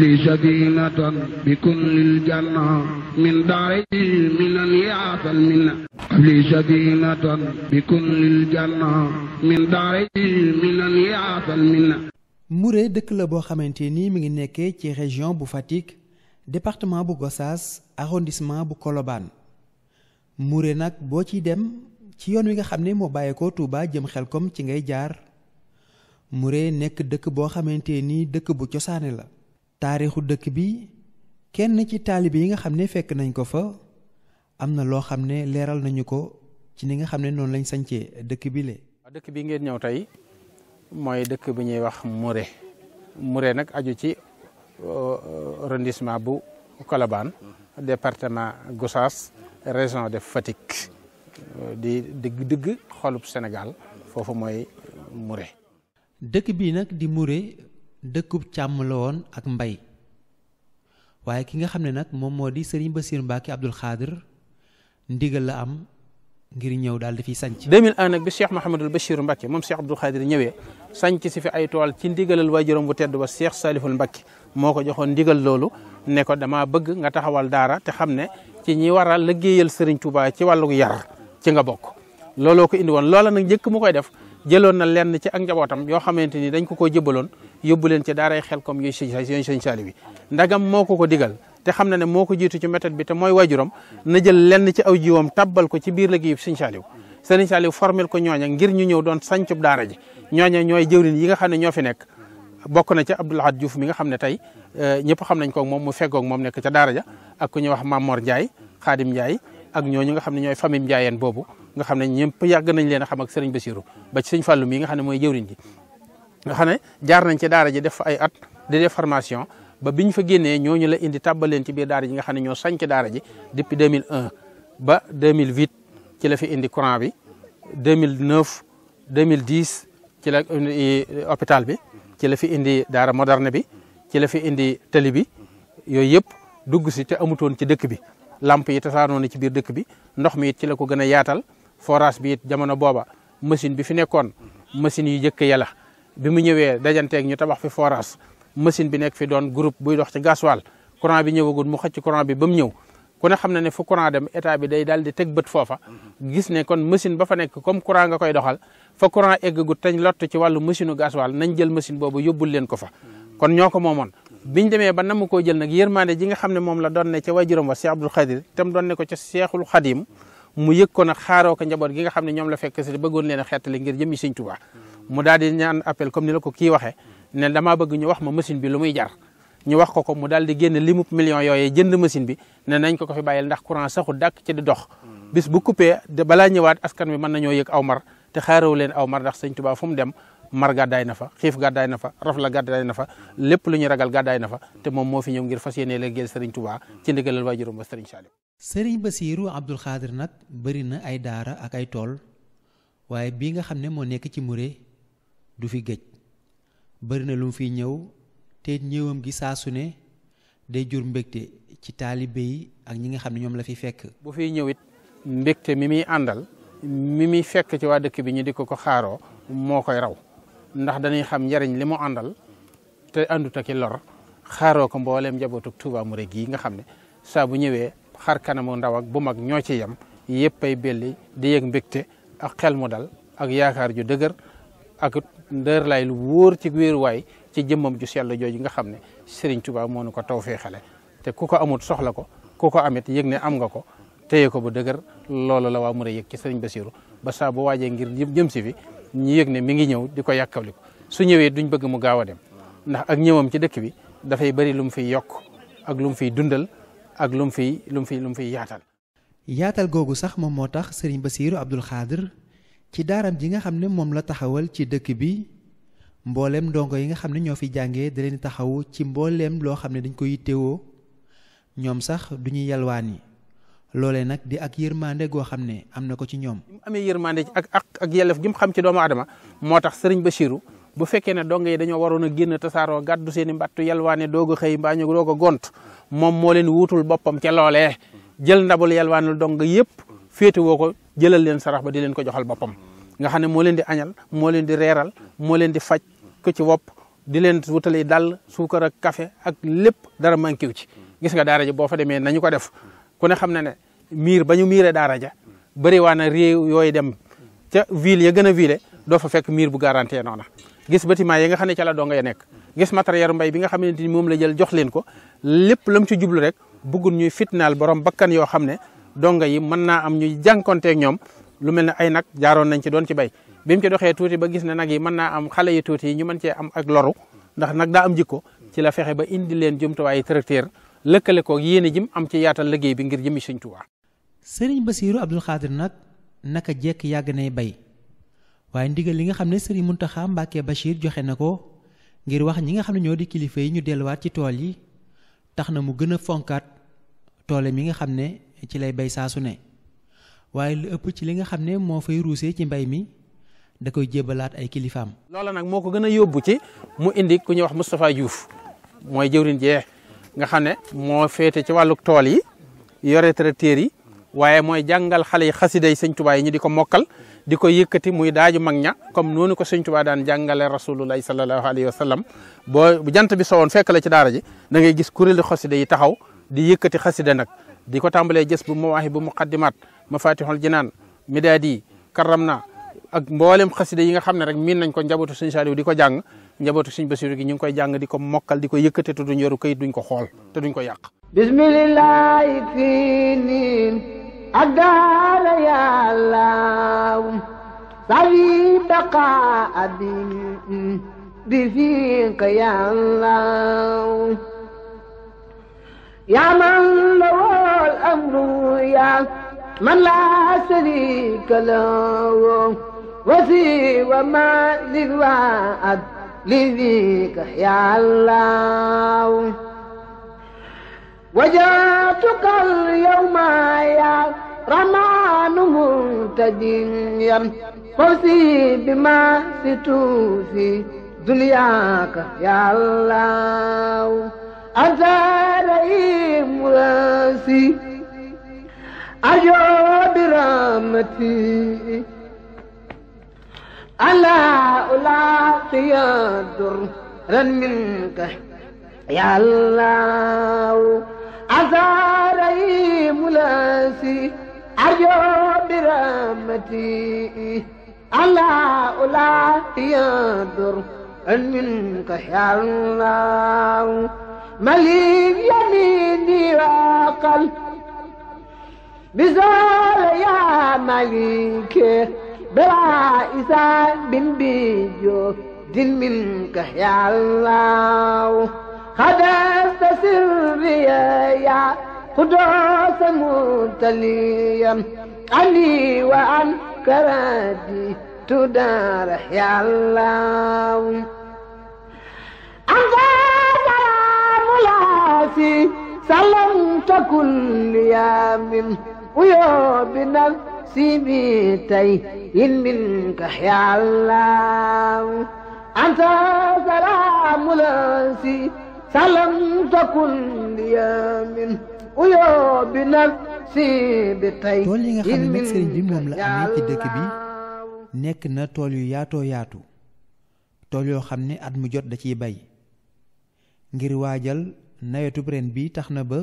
li sadinatan dëkk la boo xamante nii mi ngi nekkee ci région bu Fatick département bu Gossas arrondissement bu kolobaan Mouré nag boo ciy dem ci yoon wi nga xam ne moo bàyyeekoo Touba jëm xel Xelkom ci ngay jaar Mouré nekk dëkk boo xamante ni dëkk bu cosaane la taarixu dëkk bi kenn ci taalibe yi nga xam ne fekk nañ ko fa am na loo xam ne leeral nañu ko ci ni nga xam ne noonu lañ sancee dëkk bi le dëkk bi ngeen ñëw tey mooy dëkk bi ñuy wax Muré Muré nag aju ci euh, arrondissement bu Colobane département Gossas région de Fatick euh, di dëgg dëgg xolub Sénégal foofu mooy Muré dëkk bi nag di Muré dëkkub càmm la woon ak mbay waaye ki nga xam ne nag moom moo di sëriñ Bassirou Mbacké Abdoul Khadir ndigal la am ngir ñëw daal di fi sanc 2001 nag bi Cheikh Mouhamadul Bachir Mbacké moom Cheikh Abdoul Khadir ñëwee sanc si fi ay tool ci ndigalal waa waajuram bu tedd ba seex Saliful Mbacké moo ko joxoon ndigal loolu ne ko damaa bëgg nga taxawal daara te xam ne ci ñi war a liggéeyal sëriñ Touba ci wàllu yar ci nga bokk looloo ko indi woon loola nag njëkk yóbbu leen ci daaray xel comme yooyu yooyu sëñ saali bi ndagam moo ko ko digal te xam na ne moo ko jiitu ci méthode bi te mooy waajuram na jël len ci aw jiwam tabal ko ci biir liggéeyu sëñ saaliw sëriñ saaliw formel ko ñooña ngir ñu ñëw doon sancub daara ji ñooña ñooy jëwrin yi nga xam ne ñoo fi nekk bokk na ca Abdou Lahad Diouf mi nga xam ne tey euh, ñëpp xam nañ ko moom mu feggoog moom nekk ca daara ja ak ku ñuy wax Mamor Ndiaye Khadim Ndiaye ak ñooñu nga xam ne ñooy famille Ndiayeen boobu nga xam ne ñëpp yàgg nañ leen a xam ak sëriñ Basiru ba ci sëñ Fàllu mi nga xam ne mooy jëwrin ji nga xam jaar nañ ci daara ji def fa ay at di formation ba biñ fa génnee ñu la indi tàbbaleen ci biir daara ji nga xam ne ñoo sañ ci daara ji depuis 2001 ba mille 2008 ci la fi indi courant bi 2009 2010 ci la indi euh, hôpital bi ci la fi indi daara moderne bi ci la fi indi tali bi yooyu yëpp dugg si te amutoon ci dëkk bi lamp yi tasaanoo na ci biir dëkk bi ndox mi it ci la ko gën a yaatal forage bi it jamono booba machine bi fi nekkoon machine yi jëkk yàlla bi mu ñëwee dajanteeg ñu tabax fi forage machine bi nekk fi doon groupe buy dox ci gasoil courant bi ñëwagul mu xëcc courant bi ba mu ñëw ku ne xam na ne fu courant dem état bi day daal di teg bët foofa kon machine fa nekk comme courant nga koy doxal fa courant eggagut tañ lott ci wàllu machine u gasoil nañ jël machine boobu yóbbul leen ko fa kon ñoo ko moomoon biñ ba koo jël nag yërmande ji nga moom la doon ne ca waajuram wa Cheikh Abdoul Khadir tam xaaroo ko njaboot gi nga xam ne ñoom la fekk si bëggoon leen a xeetali ngir jëmi Sëñ Tuubaa mu daal di ñaan appel comme ni la ko ki waxee ne damaa bëgg ñu wax ma machine bi lu muy jar ñu wax ko ko mu dal di génne li limu million yooyu jënd machine bi ne nañ ko ko fi bàyyil ndax courant saxu dàkk ci di dox bis bu coupé balaa ñëwaat askan wi mën nañoo yëg aw mar te xaarewu leen aw mar ndax sëñ Tuubaa fu mu dem mar gàddaay na fa xiif gàddaay na fa raf la gàddaay na fa lépp lu ñu ragal gàddaay na fa te moom moo fi ñëw ngir fas yéene la gël sëriñ Tuubaa ci ndigalal waajuram ba sëriñ Saalim sëriñ Basiiru Abdul Xaadir nag bëri na ay daara ak ay tool waaye bii nga xam ne moo nekk ci Muré du fi géej bari na lu mu fiy ñëw te ñëwam gi saa ne day jur mbégte ci taalibe yi ak ñi nga xam ne ñoom la fi fekk. bu fiy ñëw it mi muy àndal mi muy fekk ci waa dëkk bi ñu di ko ko xaaroo moo koy raw ndax dañuy xam njariñ li mu àndal te àndut ak i lor xaaroo ko mbooleem njabootu Touba Mouride yi nga xam ne saa bu ñëwee xar kanamu ndaw ak bu mag ñoo ci yem yëpp ay belli di yëg mbégte ak xel mu dal ak yaakaar ju dëgër. ak ndërlaay lu wóor ci wéeruwaay ci jëmmam ju sell jooju nga xam ne sëriñ Touba moo nu ko feexale te ku ko amut soxla ko ku ko amit yëg ne am nga ko téye ko bu dëgër loolu la waa mën a yëg ci Serigne Bassirou ba saa bu waajee ngir jëm si fi ñu yëg ne mi ngi ñëw di ko yàkkali ko su ñëwee duñ bëgg mu gaaw a dem ndax ak ñëwam ci dëkk bi dafay bari lu mu fi yokk ak lu mu fi dundal ak lu mu fiy lu mu fiy lu mu fiy yaatal. yaatal googu sax moom moo tax Serigne Bassirou Abdoul ci daaram ji nga xam ne moom la taxawal ci dëkk bi mbooleem ndongo yi nga xam ne ñoo fi jàngee di leen taxawu ci mbooleem loo xam ne dañu ko yittewoo ñoom sax du ñuy yalwaan yi loolee nag di ak yërmande goo xam ne am na ko ci ñoom. mu amee yërmande ak ak ak yelleef gi mu xam ci doomu adama moo tax sëriñ ba Bachirou bu fekkee ne dongo yi dañoo waroon a génn tasaaroo gàddu seen i mbattu yalwaane doog a xëy mbaa ñu doog gont moom moo leen wuutul boppam ca loolee jël ndabul yalwaanul dongo yëpp ko. jëlal leen sarax ba di leen ko joxal boppam nga xam ne moo leen di añal moo leen di reeral moo leen di faj ko ci wopp di leen wutale dàll suukar ak café ak lépp dara manqué wu ci gis nga daara ja boo fa demee nañu ko def ku ne xam na ne miir ba ñu miiree daara ja bëri waa na réew yooyu dem ca ville gën a ville doo fa fekk miir bu garantie noona gis bâtiment yi nga xam ne ca la donga ya nekk gis matériel mbay bi nga xamante ni moom la jël jox leen ko lépp lam ci jublu rek bëggul ñuy fitnaal borom bakkan yoo xam ne donga yi mën naa am ñuy jànkonteeg ñoom lu mel ne ay nag jaaroon nañ ci doon ci bay bi ci doxee tuuti ba gis ne nag yi mën naa am xale yi tuuti yi ñu mën cee am ak loru ndax nag daa am ko ci la fexe ba indi leen jumtuwaayu tracteur lëkkale koog yéene jim am ci yaatal liggéey bi ngir jëmi Sëriñ Tuubaa. Sëriñ Basiiru Abdul Xaadir nag naka jekk yàgg nay bay waaye ndigal li nga xam ne Sëriñ Muntaxa Mbàkke Bachir joxe na ko ngir wax ñi nga xam ne ñoo di kilifa yi ñu delluwaat ci tool yi tax na mu gën a fonkaat toole mi nga xam ne ci lay bay saa su ne waaye lu ëpp ci li nga xam ne moo fay ruusee ci mbay mi da koy jébalaat ay kilifaam. loola nag moo ko gën a yóbbu ci mu indi ku ñuy wax Moustapha Diouf mooy jëwriñ jee nga xam ne moo féete ci wàllu tool yi yore tracteur yi waaye mooy jàngal xale yi xasida yi sëñ yi ñu di ko mokkal di ko yëkkati muy daaju mag ña comme noonu ko sëñ Tuubaa daan jàngale rasulullahi sallallahu alayhi wa sallam boo jant bi sowoon fekk la ci daara ji da ngay gis kuréelu xasida yi taxaw di yëkkati xasida nag di ko tàmbalee jës bu mawaahi bu muqaddimat mafatihul jinaan midaadi karam na ak mboolem xasida yi nga xam ne rek miin nañ ko njabootu sëñ Saliou di ko jàng njabootu sëñ Basiru gi ñu ngi koy jàng di ko mokkal di ko yëkkate te duñ yoru kayit duñ ko xool te duñ ko yàq bismillahi fii niin ak daala yàllaw sawi baqa abi bi fiika yàllaw yaa man la الأمر يا من لا شريك له وسوى ما للوعد لذيك يا الله وجاتك اليوم يا رمان منتديا فوسي بما ستوفي دنياك يا الله أنت رئيم راسي أجوا برامتي ألا ألاقي درا منك يا الله أزاري ملاسي أجوا برامتي ألا ألاقي درا منك يا الله مليك يميني وقلبي بزول يا مليك بلا إسان بن بيجو دل منك يا الله خدست سري يا قدوس متليا علي وعن كرادي تدار يا الله أنت سلام ملاسي سلمت كل يوم ويا بنفسي بيتي منك يا علام أنت سلام لاسي سلام تكن لي من ويا بنفسي بيتي tool yi nga xam ne nag sëriñ bi moom la amee ci dëkk bi nekk na tool yu yaatoo yaatu tool yoo xam ne at mu jot da ciy bay ngir waajal nawetub ren bi tax na ba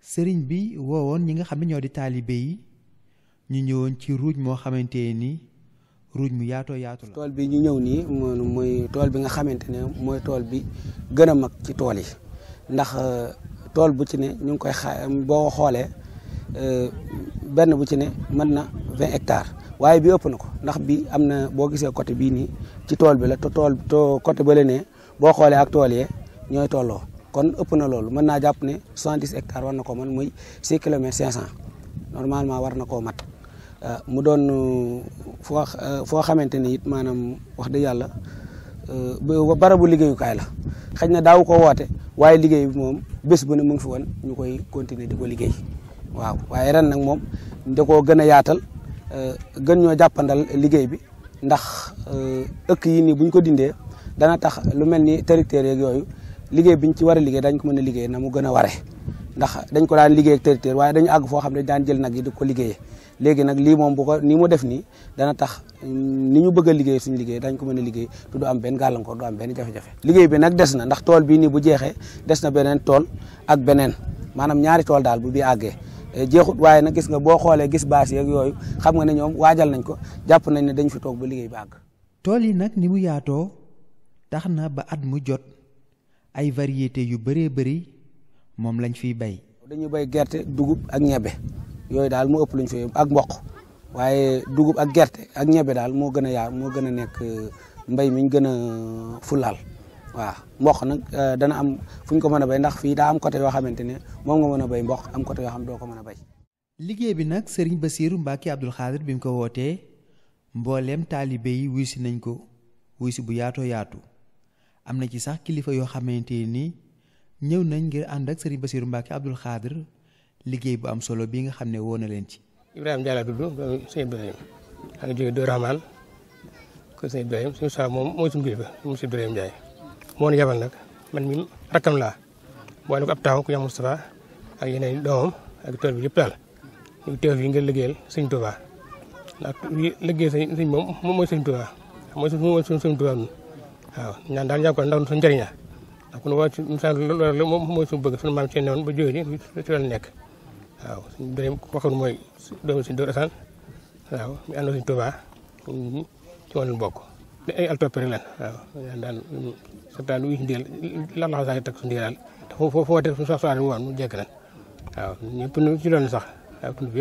sëriñ bi woowoon ñi nga xam ne ñoo di taalibe yi ñu ñëwoon ci ruuj moo xamante ni ruuj mu yaatoo yaatu la. tool bi ñu ñëw nii mooy tool bi nga xamante ne mooy tool bi gën a mag ci tool yi ndax euh, tool bu ci ne ñu ngi koy xa boo xoolee euh, benn bu ci ne mën na vingt hectares waaye bi ëpp na ko ndax bi am na boo gisee côté bii nii ci tool bi la tool côté ba la ne boo xoolee ak tool yee ñooy tolloo. kon ëpp na loolu mën naa jàpp ne 70 hectares war na koo mën muy 6 kilomètres 500 normalement war na koo mat euh, mu doon euh, foo euh, foo xamante ni it maanaam wax dëgg yàlla barabu liggéeyukaay la xëy na daaw ko woote waaye liggéey bi moom bés bu ne mu ngi fi woon ñu koy continuer di ko liggéey waaw waaye ren nag moom da koo gën a yaatal gën ñoo jàppandal liggéey bi ndax ëkk yi nii buñ ko dindee dana tax lu mel ni territoire yeeg yooyu liggéey bi biñ ci war a liggéey dañ ko mën a liggéey na mu gën a ware ndax dañ ko daan liggéey ak territoire waaye dañu àgg foo xam ne daan jël nag yi di ko liggéeyee léegi nag lii moom bu ko ni mu def nii dana tax ni ñu bëgg a liggéey suñu liggéey dañ ko mën a liggéey te am benn gàllankoor du am benn jafe liggéey bi nag des na ndax tool bii nii bu jeexee des na beneen tool ak beneen maanaam ñaari tool daal bu bii àggee eh, jeexut waaye na gis nga boo xoolee gis baas yeeg yooyu xam nga ne ñoom waajal nañ ko jàpp nañ ne dañ fi toog ba liggéey bi àgg tool yi nag ni mu yaatoo tax na ba at mu jot ay variétés yu bëree bëri moom lañ fiy bay. dañu bay gerte dugub ak ñebe yooyu daal mu ëpp luñ fi ak mboq waaye dugub ak gerte ak ñebe daal moo gën a yaar moo gën a nekk euh, mbay mi ñu gën a euh, fulaal waaw mboq nag euh, dana am fu ñu ko mën a bay ndax fii daa am côté yoo xamante ne moom nga mën a bay mboq am côté yoo xam doo ko mën a bay. liggéey bi nag sëriñ Bassirou Mbacké Abdoul Khadir bi mu ko wootee mbooleem taalibe yi wuy si nañ ko wuy bu yaatoo yaatu. am na ci sax kilifa yoo xamante nii ñëw nañ ngir ànd ak sëriñ Bassirou Mbacke Abdoul Khadr liggéey bu am solo bi nga xam ne woo na leen ci. Ibrahima Diallo dudd doomu sëñ Ibrahima maa ngi jógee Dóor Rahman ko suñu saa moom mooy suñu kilifa moom sëñ Ibrahima Ndiaye moo ñu yabal nag man mi rakkam laa boole ko ab taw ku yam Moustapha ak yeneen doomam ak tool bi yëpp daal ñu teew fii ngir liggéeyal sëñ mooy sëñ suñu suñu Touba waaw ñaan daal ñaan ko ndax suñu njëriñ la ndax kon mooy suñu bëgg suñu maam ci newoon ba jógee ni ci la nekk waaw suñu bëri waxoon mooy doomu suñu dóor asaan waaw mi àndoon suñu Tuubaa ci wàllu bokk ay altopere lan waaw sa daal wi ndigal la la xasaay teg suñu ndigal mu jekk lan ci loolu sax waaw tund bi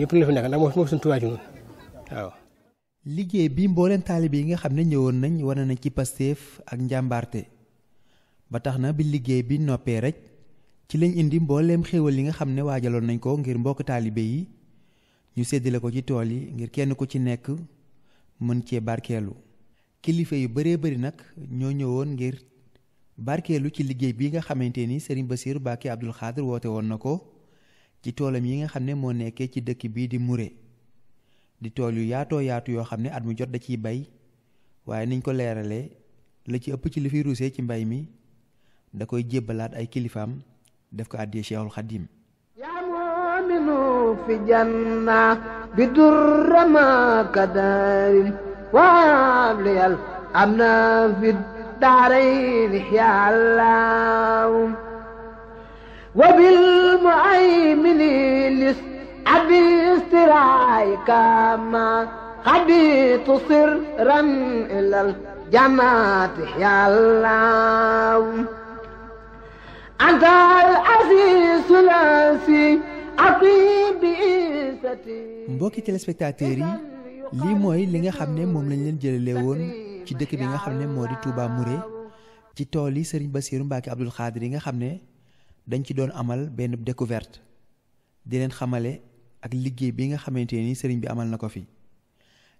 yëpp nekk ndax moo suñu Tuubaa waaw liggéey bi mbooleem taalibe yi nga xam ne ñëwoon nañ wane na ci Pastef ak njàmbaarte ba tax na bi liggéey bi noppee rek ci lañ indi mbooleem xéewal li nga xam ne waajaloon nañ ko ngir mbokk taalibe yi ñu séddale ko ci tool yi ngir kenn ku ci nekk mën cee barkeelu kilifa yu bëree bari nag ñoo ñëwoon ngir barkeelu ci liggéey bi nga xamante ni Serigne Bassirou Mbacké Abdoul Khadr woote woon na ko ci toolam yi nga xam ne moo nekkee ci dëkk bii di Mouré di tool yu yaatoo yaatu yoo xam ne at mu jot da ciy bay waaye niñ ko leeralee la ci ëpp ci li fi ruusee ci mbay mi da koy jébbalaat ay kilifaam def ko àddiyee Cheikhul Xadim yaa moominu fi janna bi durrama kadarin waabliyal am na fi daarayni yaa Allah حديث رايك ما حديث سرا إلى mbokki téléspectateurs yi lii mooy li nga xam ne moom lañ leen jëlale woon ci dëkk bi nga xam ne moo di Touba Mouré ci tool yi Serigne Bassirou Mbacké Abdoul Khadr yi nga xam ne dañ ci doon amal benn découverte di leen xamale ak liggéey bi nga xamante ni sëriñ bi amal na ko fi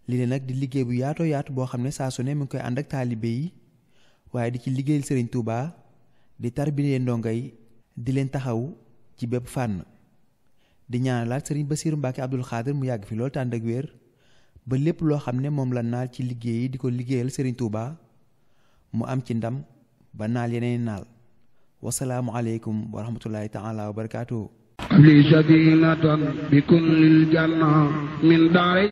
lii leen nag di liggéey bu yaatoo yaatu boo xam ne saa su ne mu ngi koy ànd ak taalibe yi waaye di ci liggéeyal sëriñ Touba di tarbilee ndongo yi di leen taxaw ci bépp fànn di ñaanalaat sëriñ Bassirou Mbacke Abdoul Khadir mu yàgg fi loolu tànd ak wér ba lépp loo xam ne moom la naal ci liggéey yi di ko liggéeyal sëriñ Touba mu am ci ndam ba naal yeneen naal wasalaamualeykum wa rahmatullahi لي سكينة بكل الجنة من داري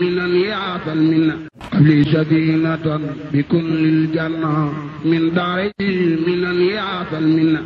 من يا المنة لي سكينة بكل الجنة من داري من يا المنة